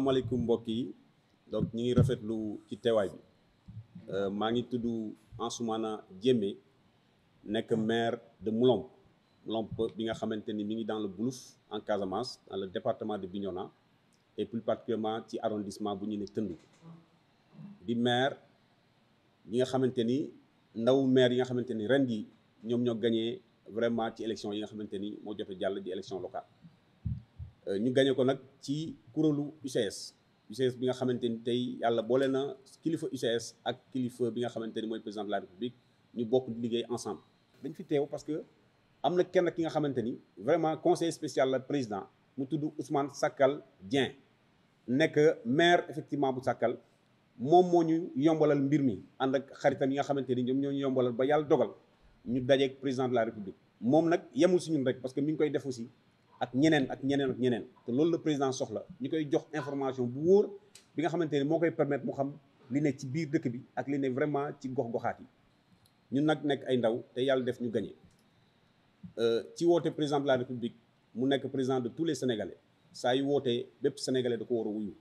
asalaamaaleykum mbokk yi donc ñu ngi rafetlu ci teewaay bi euh, maa ngi tudd Ansoumana Diémé nekk maire de Moulomp Moulomp bi nga xamante ni mu ngi dans le Boulouf en Casamance dans le département de Bignona et plus particulièrement ci arrondissement bu ñu ne Tënd di maire yi nga xamante ni ndaw maire yi nga xamante ni ren yi ñoom ñoo gagné vraiment ci élection yi nga xamante ni moo jot a jàll di élection locale Euh, ñu gañe ko nag ci kuréelu UCS UCS bi nga xamante ni tey yàlla boole na kilifa UCS ak kilifa bi nga xamante ni mooy président de la république ñu bokk di liggéey ensemble. dañ fi teew parce que am na kenn ki nga xamante ni vraiment conseil spécial la président mu tudd Ousmane Sakkal Dieng nekk maire effectivement bu Sakkal moom moo ñu yombalal mbir mi ànd ak xaritam yi nga xamante ni ñoom ñoo ñu yombalal ba yàlla dogal ñu dajeeg président de la république moom nag yemul si ñun rek parce que mi ngi koy def aussi. ak ñeneen ak ñeneen ak ñeneen te loolu la président soxla ñu koy jox information bu wóor bi nga xamante ne moo koy permettre mu xam li ne ci biir dëkk bi ak li ne vraiment ci gox goxaat yi ñun nag nekk ay ndaw te yàlla def ñu gagné euh, ci woote président la république mu nekk président de tous les sénégalais saa yu wootee bépp sénégalais da ko war a wuyu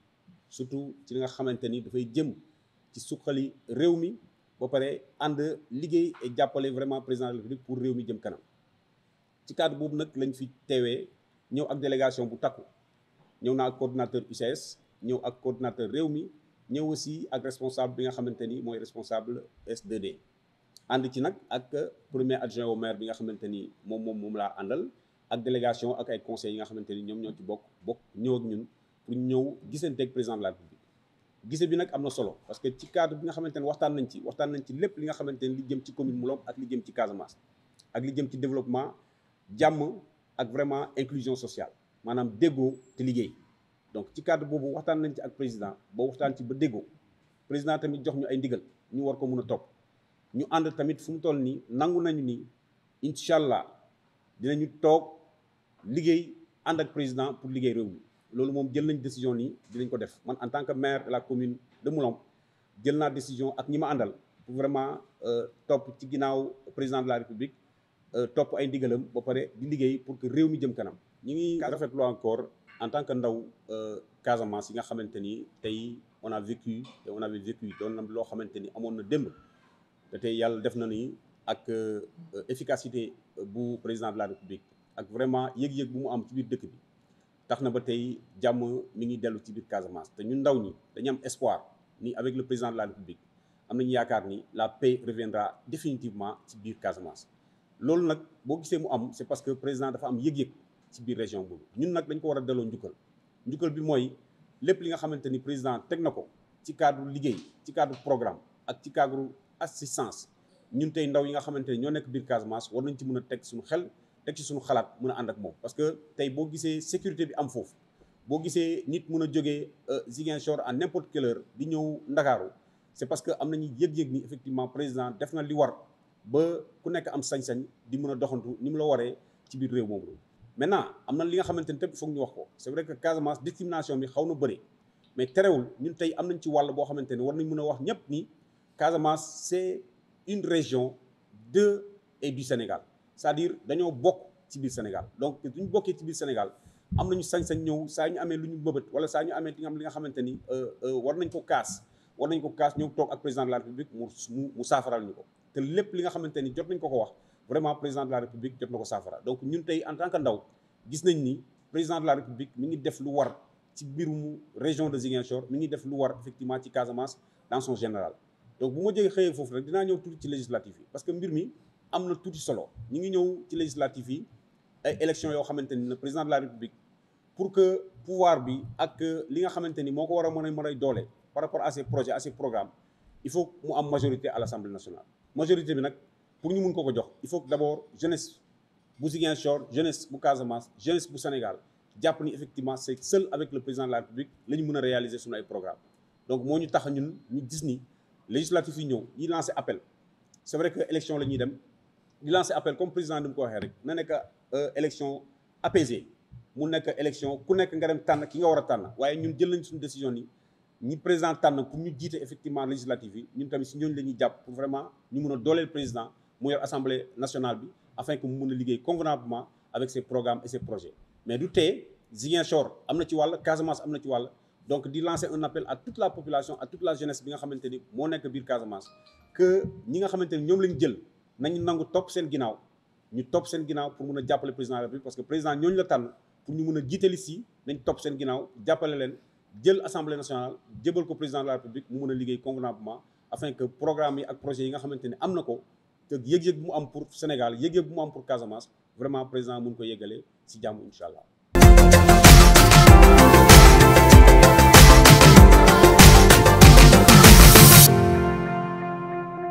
surtout ci li nga xamante ni dafay jëm ci suqali réew mi ba pare ànd liggéey et jàppale vraiment président de la pour réew mi jëm kanam ci cadre boobu nag lañ fi teewee. ñëw ak délégation bu takku ñëw naa ak coordinateur UCS ñëw ak coordinateur réew mi ñëw aussi ak responsable bi nga xamante ni mooy responsable S2D ànd ci nag ak premier adjoint au maire bi nga xamante ni moom moom moom laa àndal ak délégation ak ay conseils yi nga xamante ni ñoom ñoo ci bokk bokk ñëw ak ñun pour ñëw gisante ak président de la République gise bi nag am na solo parce que ci cadre bi nga xamante ni waxtaan nañ ci waxtaan nañ ci lépp li nga xamante ni li jëm ci commune Mlomp ak li jëm ci Casamance ak li jëm ci développement jàmm ak vraiment inclusion sociale maanaam déggoo te liggéey donc ci cadre boobu waxtaan nañ ci ak président ba waxtaan ci ba déggoo président tamit jox ñu ay ndigal ñu war ko mun a topp ñu ànd tamit fu mu toll nii nangu nañu nii incha allah dinañu toog liggéey ànd ak président pour liggéey réew mi loolu moom jël nañ décision nii dinañ ko def man en tant que maire la commune de Moulombe jël naa décision ak ñi ma àndal pour vraiment euh, topp ci ginnaaw président la république Euh, topp ay ndigalam ba pare di liggéey pour que réew mi jëm kanam ñu ngi rafetlu encore en tant que ndaw euh, Casamance yi nga xamante ni tey on a vécu te on avait vécu doon loo xamante ni amoon na démb te tey yàlla def na ni ak euh, efficacité bu président de la république ak vraiment yëg-yëg bu mu am ci biir dëkk bi tax na ba tey jàmm mi ngi dellu ci biir Casamance te ñun ndaw ñi dañu am espoir ni avec le président de la république am nañu yaakaar ni la paix reviendra définitivement ci biir Casamance loolu nag boo gisee mu am c'est parce que président dafa am yëg-yëg ci biir région boobu ñun nag dañ ko war a delloo njukkal njukkal bi mooy lépp li nga xamante ni président teg na ko ci cadre liggéey ci cadre programme ak ci cadre assistance ñun tey ndaw yi nga xamante ni ñoo nekk biir Casamance war nañ ci mën a teg suñu xel teg ci suñu xalaat mun a ànd ak moom parce que tey boo gisee sécurité bi am foofu boo gisee nit mun a jógee euh, Ziguinchor à n'importe quelle heure di ñëw Ndakaaru c'est parce que am nañu yëg-yëg ni effectivement président def na li war ba ku nekk am sañ-sañ di mun a doxantu ni mu la waree ci biir réew moomu maintenant am na li nga xamante ni tamit foog ñu wax ko c'est vrai que Casamance discrimination bi xaw na bëri mais terewul ñun tey am nañ ci wàll boo xamante ni war nañ mën a wax ñëpp ni Casamance c'est une région de et Sénégal cest à dañoo bokk ci biir Sénégal donc duñu bokkee ci Sénégal am nañu sañ-sañ ñëw saa ñu amee lu ñu bëbët wala saa ñu amee li nga xamante ni euh, euh, war nañ ko kaas war nañ ko kaas ñëw toog ak président de la république mu mu saafaral ñu ko te lépp li nga xamante ni jot nañ ko ko wax vraiment président de la république jot na ko saafara donc ñun tey en tant que ndaw gis nañ ni président de la république mi ngi def lu war ci mbirum région de Ziguinchor mi ngi def lu war effectivement ci Casamance dans son général donc bu ma jege xëyee foofu rek dinaa ñëw tuuti ci législatif yi parce que mbir mi am na tuuti solo ñu ngi ñëw ci législatif yi ay élection yoo xamante ni président de la pour que pouvoir bi ak euh, li nga xamante ni moo ko war a mën a mën a doole par rapport à projet projets à ces programmes il faut mu am majorité à l'Assemblée nationale majorité bi nag pour ñu mun ko ko jox il faut que d'abord jeunesse bu Ziguinchor jeunesse bu Casamance jeunesse bu Sénégal jàpp ni effectivement c'est seul avec le président de la République la mun a réaliser suñu ay programme donc moo ñu tax ñun ñu gis ni législatif yi ñëw yi lancé appel c'est vrai que élection la ñuy dem di lancé appel comme président ni mu ko waxee rek na nekk euh, élection apaisée mu nekk élection ku nekk nga dem tànn ki nga war a tànn waaye ñun jël nañ suñu décision ni ñi président tànn pour ñu jiite effectivement législative yi ñun tamit si ñooñu la ñuy jàpp pour vraiment ñu mun a dooleel président mu assemblée nationale bi afin que mu mun a liggéey convenablement avec ses programmes et ses projets mais du tee Ziguinchor am na ci wàll Casamance am na ci wàll donc di lancer un appel à toute la population à toute la jeunesse bi nga xamante ni moo nekk biir Casamance que ñi nga xamante ni ñoom lañ jël nañu nangu topp seen ginnaaw ñu topp seen ginnaaw pour a jàppale président de parce que président ñooñu la tànn pour ñu a jiitali si nañ seen ginnaaw jàppale jël assemblée nationale jébal ko président de la république mu mun a liggéey convenablement afin que programme yi ak projet yi nga xamante ne am na ko te yëg-yëg mu am pour Sénégal yëg-yëg mu am pour Casamance vraiment président mun ko yëgalee si jàmm incha allah.